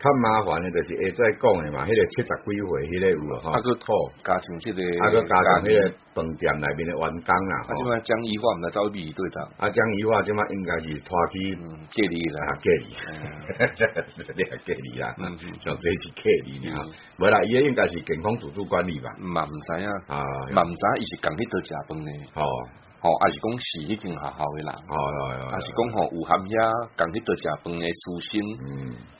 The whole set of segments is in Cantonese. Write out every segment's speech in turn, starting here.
較麻煩誒著是在講誒嘛，迄、那個七十幾歲迄個有啊吼，阿個土加上即、這個，阿個加上迄個飯店內面的員工啊哈。江一話毋知招幾對頭？啊江一話，即馬、啊啊、應該是拖去隔離啦，隔、啊嗯、 離。哈哈哈哈哈，你係隔離啦，純粹是隔離啦。唔，唔、嗯、啦，伊個應該是健康自主管理吧？唔嘛毋知啊，嘛毋知，伊是共去到食飯誒吼吼，阿是講是已經學校誒啦，阿是講吼有含些共去到食飯嘅舒嗯。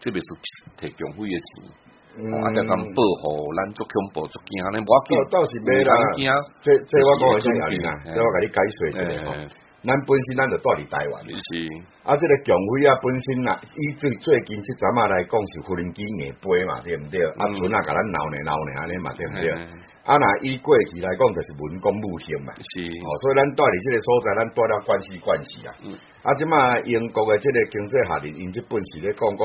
特別是提共匪的錢，我阿爹咁保護，咱做恐怖做驚啊！我講，我到時買啦，這這我講喺鄉里啊，這，這，這，這，我，這我給你解說一下吼。咱本身咱就住佇台灣，是啊，這個強費啊，本身呐，依最最近這陣啊來講是互聯基因杯嘛，對不對？啊，群啊，甲咱鬧呢鬧呢啊，按呢嘛對不對？啊，那伊過去嚟講，嗯嗯啊、就是文攻武行嘛，嗯、是哦、嗯，所以咱住佇這個所在，咱脱離關係關係啊。啊，這嘛英國嘅這個經濟學人，因這本身咧講講。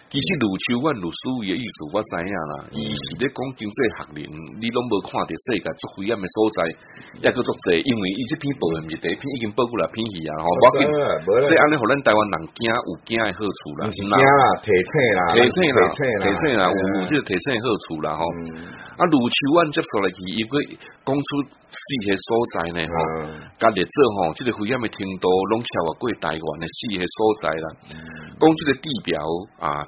其實盧秋萬盧書記嘅意思我知影啦，伊、嗯、是咧講經濟學人，你攏無看得世界最危險嘅所在，也閣足濟，因為伊即篇報毋是第一篇，嗯、已經報過來了篇去啊，吼、啊，所以安尼互咱台灣人驚有驚嘅好處啦。啦，啊、醒啦，提醒啦，提醒啦，提醒啦，啊、有即這個提醒好處啦吼、嗯。啊，盧秋萬接受來去，伊閣講出四個所在呢吼，家、嗯、己做吼，即、這個危險嘅程度攏超過台灣嘅四個所在啦。講即個地表啊。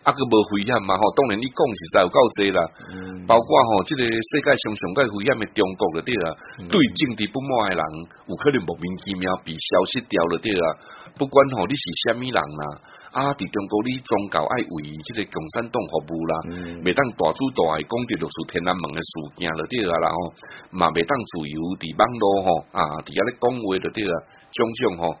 啊！擱無危險嘛？吼，當然你講實在有夠多啦。嗯、包括吼、喔、即、這個世界上上屆危險嘅中國嗰啲啦，對政治不滿嘅人，有可能莫名其妙被消失掉咗啲啦。不管吼、喔、你是啥物人啦？啊！佇中國你宗教愛為即個共產黨服務啦？未、嗯、當大主大愛講啲就是天安門嘅事件咗啲啦？吼、喔，嘛未當自由佇網絡吼，啊！佇遐咧講話就啲啦，種種吼、喔。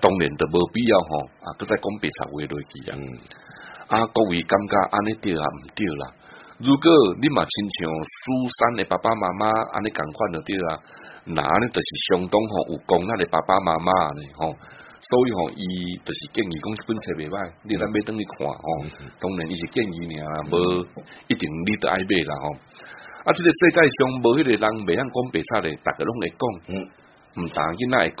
當然都無必要吼啊，擱再講白賊話落去啊，各位感覺安尼着啊毋着啦。如果你嘛親像蘇珊誒爸爸媽媽，安尼共款着着啦。若安尼着是相當吼有功，嗱誒爸爸媽媽安尼吼，所以吼伊、啊、着是建議講即本冊未壞，你若買等你看吼。當然，伊是建議，爾無一定你着愛買啦。吼。啊，即、啊這個世界上無迄個人未肯講白賊誒，逐個攏會講，毋單囝仔會講。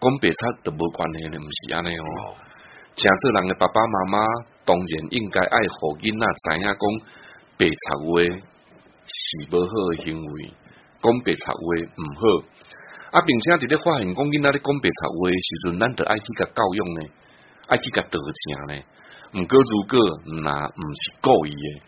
講白賊就無關係，了，唔是安尼哦。正、哦、做人的爸爸媽媽，當然應該愛予囡仔，知影講白賊話是無好行為，講白賊話唔好。啊，並且佇咧發現講囡仔咧講白賊話的時候，咱著愛去甲教育呢，愛去甲糾正呢。唔過如果那唔是故意的。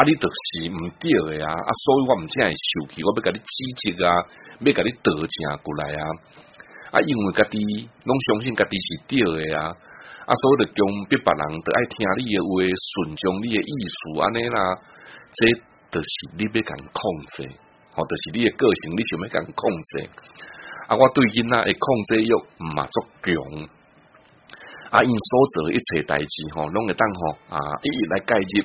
啊你著是毋對誒啊，啊，所以我毋才會受氣，我要甲你指責啊，要甲你道歉過來啊，啊因為家己攏相信家己是對誒啊，啊所以著強迫別人著愛聽你誒話，順從你誒意思，安尼啦，即著是你要甲伊控制，吼，著、就是你誒個性，你想要甲伊控制，啊我對囡仔誒控制欲毋嘛足強，啊因所做誒一切代志，吼，攏會當吼啊，一一來介入。